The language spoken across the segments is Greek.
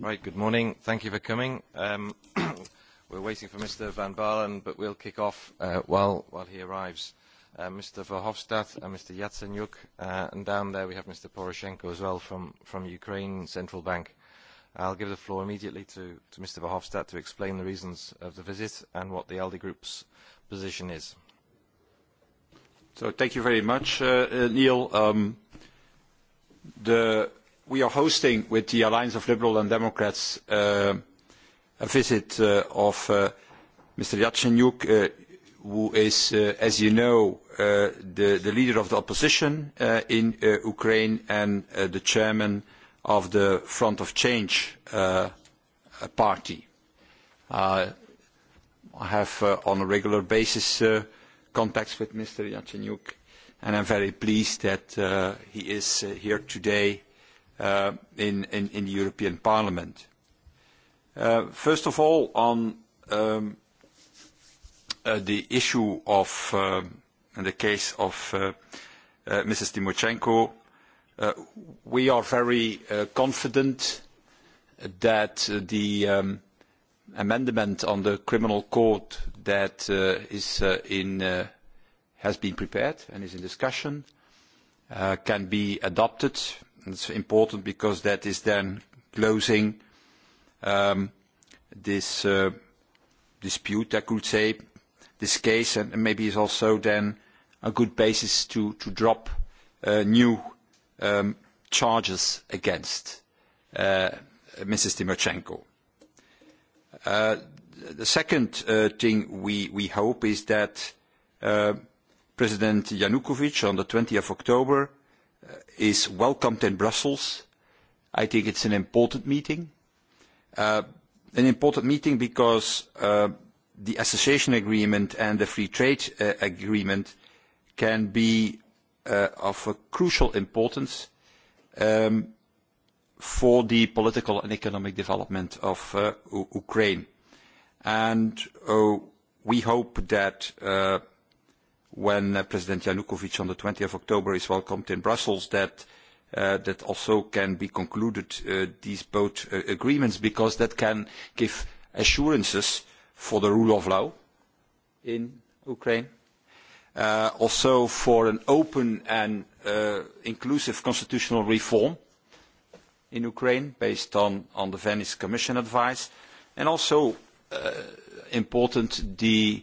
Right, good morning. Thank you for coming. We're waiting for Mr. Van Balen but we'll kick off while he arrives. Mr. Verhofstadt and Mr. Yatsenyuk, and down there we have Mr. Poroshenko as well from Ukraine Central Bank. I'll give the floor immediately to Mr. Verhofstadt to explain the reasons of the visit and what the ALDE Group's position is. So thank you very much, Neil. The we are hosting with the Alliance of Liberals and Democrats a visit of Mr. Yatsenyuk, who is, as you know, the leader of the opposition in Ukraine and the chairman of the Front of Change party. I have on a regular basis contacts with Mr. Yatsenyuk, and I am very pleased that he is here today in the European Parliament. First of all, on the issue of the case of Mrs. Timoshenko, we are very confident that the amendment on the criminal code that has been prepared and is in discussion can be adopted It's important because that is then closing this dispute, I could say, this case, and maybe is also then a good basis to drop new charges against Mrs. Tymoshenko. The second thing we hope is that President Yanukovych on the 20th of October is welcomed in Brussels. I think it's an important meeting. An important meeting because the association agreement and the free trade agreement can be of crucial importance for the political and economic development of Ukraine. And we hope that when President Yanukovych on the 20th of October is welcomed in Brussels that that also can be concluded these both agreements because that can give assurances for the rule of law in Ukraine, also for an open and inclusive constitutional reform in Ukraine based on the Venice Commission advice, and also important the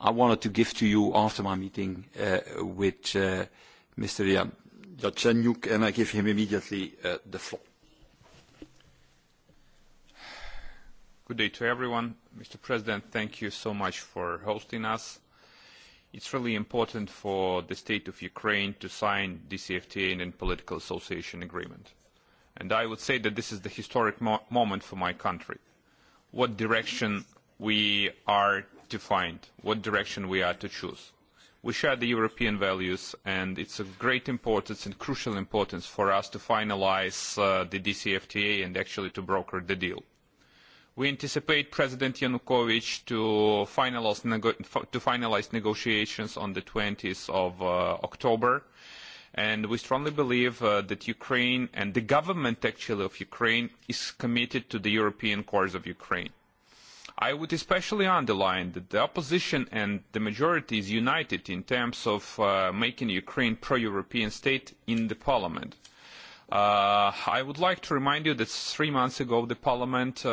I wanted to give to you after my meeting with Mr. Yatsenyuk, and I give him immediately the floor. Good day to everyone. Mr. President, thank you so much for hosting us. It's really important for the state of Ukraine to sign DCFTA and political association agreement. And I would say that this is the historic moment for my country. What direction we are find what direction we are to choose. We share the European values and it's of great importance and crucial importance for us to finalise the DCFTA and actually to broker the deal. We anticipate President Yanukovych to finalise negotiations on the 20th of October and we strongly believe that Ukraine and the government actually of Ukraine is committed to the European cause of Ukraine. I would especially underline that the opposition and the majority is united in terms of making Ukraine a pro-European state in the parliament. I would like to remind you that three months ago the parliament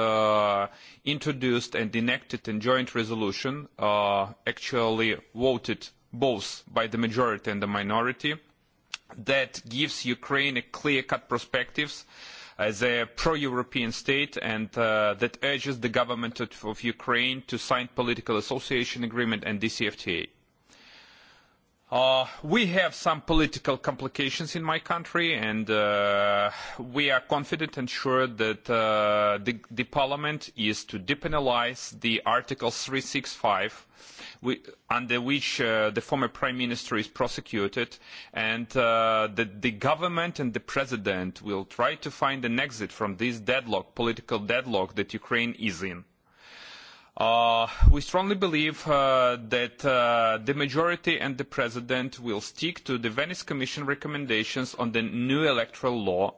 introduced and enacted a joint resolution, actually voted both by the majority and the minority, that gives Ukraine a clear-cut perspectives as a pro-European state and that urges the government of Ukraine to sign political association agreement and DCFTA. We have some political complications in my country and we are confident and sure that the Parliament is to depenalise the Article 365 under which the former Prime Minister is prosecuted and that the government and the President will try to find an exit from this political deadlock that Ukraine is in. We strongly believe that the majority and the President will stick to the Venice Commission recommendations on the new electoral law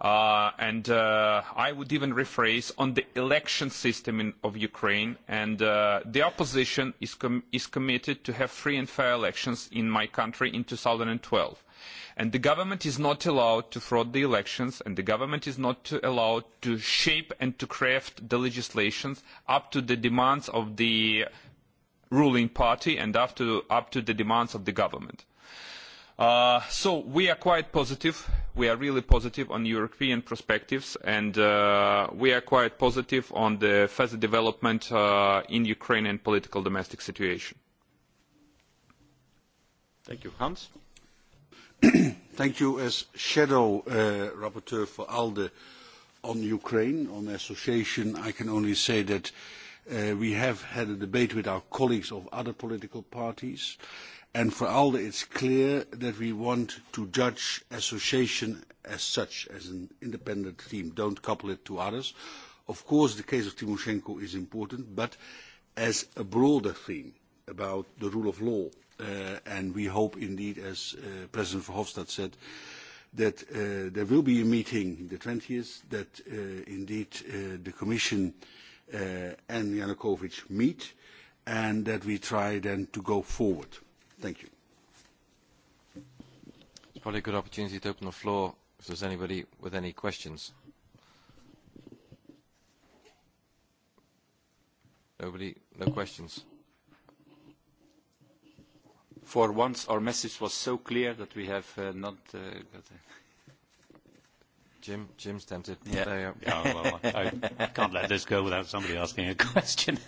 and I would even rephrase on the election system of Ukraine, and the opposition is committed to have free and fair elections in my country in 2012. And the government is not allowed to fraud the elections, and the government is not allowed to shape and to craft the legislations up to the demands of the ruling party and up to the demands of the government. So we are quite positive. We are really positive on European perspectives, and we are quite positive on the further development in Ukrainian political domestic situation. Thank you, Hans. Thank you, as shadow rapporteur for ALDE on Ukraine on association. I can only say that we have had a debate with our colleagues of other political parties and for ALDE it's clear that we want to judge association as such, as an independent team. Don't couple it to others. Of course, the case of Timoshenko is important, but as a broader theme about the rule of law, and we hope indeed, as President Verhofstadt said, that there will be a meeting the 20th, that indeed the Commission and Yanukovych meet, and that we try then to go forward. Thank you. It's probably a good opportunity to open the floor if there's anybody with any questions. Nobody? No questions? For once, our message was so clear that we have not got Jim, Jim's tempted. Yeah, I can't let this go without somebody asking a question.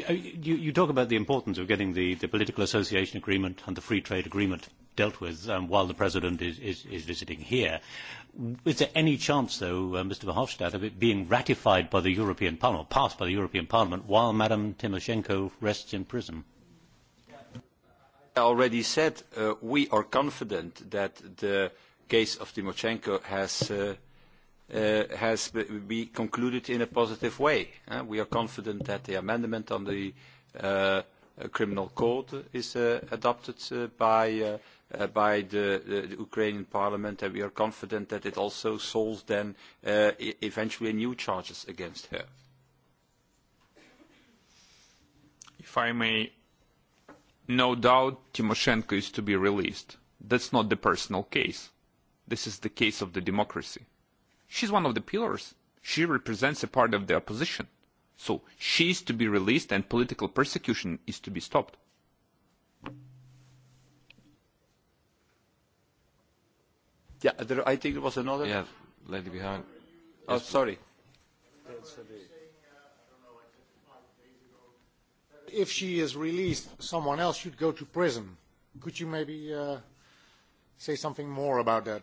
You talk about the importance of getting the political association agreement and the free trade agreement dealt with while the President is visiting here. Is there any chance, though, Mr. Verhofstadt, of it being ratified by the European Parliament, passed by the European Parliament, while Madam Tymoshenko rests in prison? I already said we are confident that the case of Tymoshenko has has been concluded in a positive way. We are confident that the amendment on the criminal code is adopted by the Ukrainian parliament, and we are confident that it also solves then eventually new charges against her. If I may, no doubt Tymoshenko is to be released. That's not the personal case. This is the case of the democracy She's one of the pillars. She represents a part of the opposition. So she is to be released and political persecution is to be stopped. Yeah, I think there was another. Yeah, lady behind. Oh, sorry. If she is released, someone else should go to prison. Could you maybe say something more about that?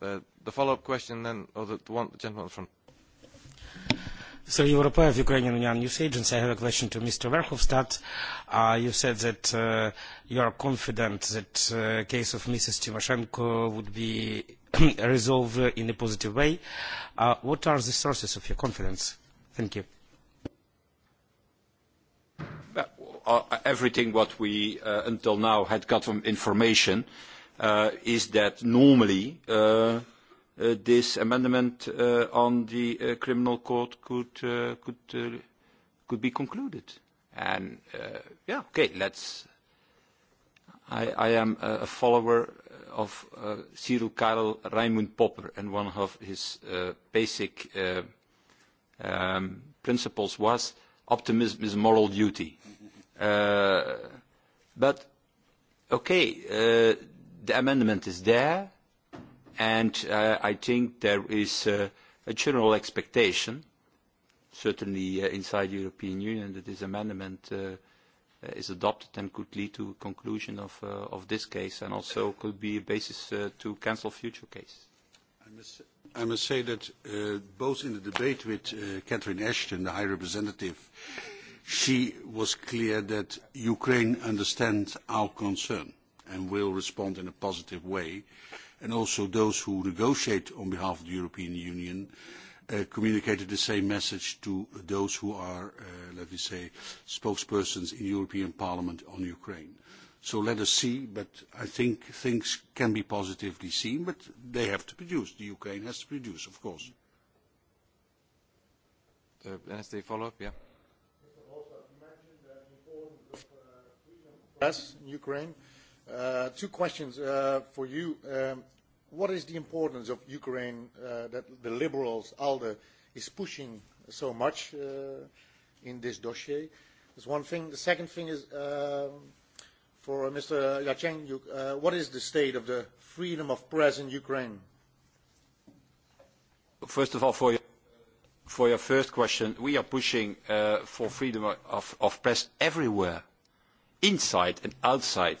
The follow-up question then, or the one, the gentleman front. So, European Ukrainian Union News Agency, I have a question to Mr. Verhofstadt. You said that you are confident that the case of Mrs. Tymoshenko would be resolved in a positive way. What are the sources of your confidence? Thank you. Everything what we until now had got from information is that normally this amendment on the criminal court could be concluded. And, yeah, okay, let's... I am a follower of Cyril Karel Raymond Popper, and one of his basic principles was optimism is moral duty. But, okay, the amendment is there, and I think there is a general expectation, certainly inside the European Union, that this amendment is adopted and could lead to a conclusion of this case and also could be a basis to cancel future cases. I must say that both in the debate with Catherine Ashton, the High Representative, she was clear that Ukraine understands our concern and will respond in a positive way. And also those who negotiate on behalf of the European Union communicated the same message to those who are, let me say, spokespersons in the European Parliament on Ukraine. So let us see, but I think things can be positively seen, but they have to produce. The Ukraine has to produce, of course. follow-up, yeah. Mr. you mentioned Ukraine. Two questions for you. What is the importance of Ukraine that the Liberals, ALDE, is pushing so much in this dossier? That's one thing. The second thing is for Mr. Yacheng, what is the state of the freedom of press in Ukraine? First of all, for your first question, we are pushing for freedom of press everywhere, inside and outside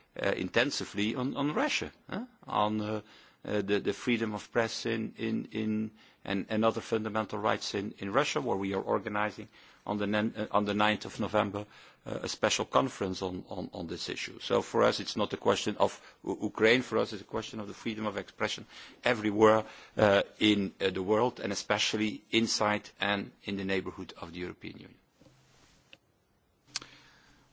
intensively on Russia, on the freedom of press and other fundamental rights in Russia, where we are organizing on the 9th of November a special conference on this issue. So for us it's not a question of Ukraine, for us it's a question of the freedom of expression everywhere in the world and especially inside and in the neighborhood of the European Union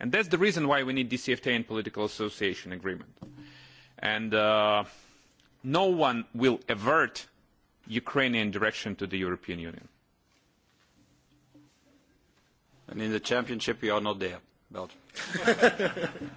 And that's the reason why we need DCFTA and political association agreement. And no one will avert Ukrainian direction to the European Union. And in the championship, you are not there, Belgium.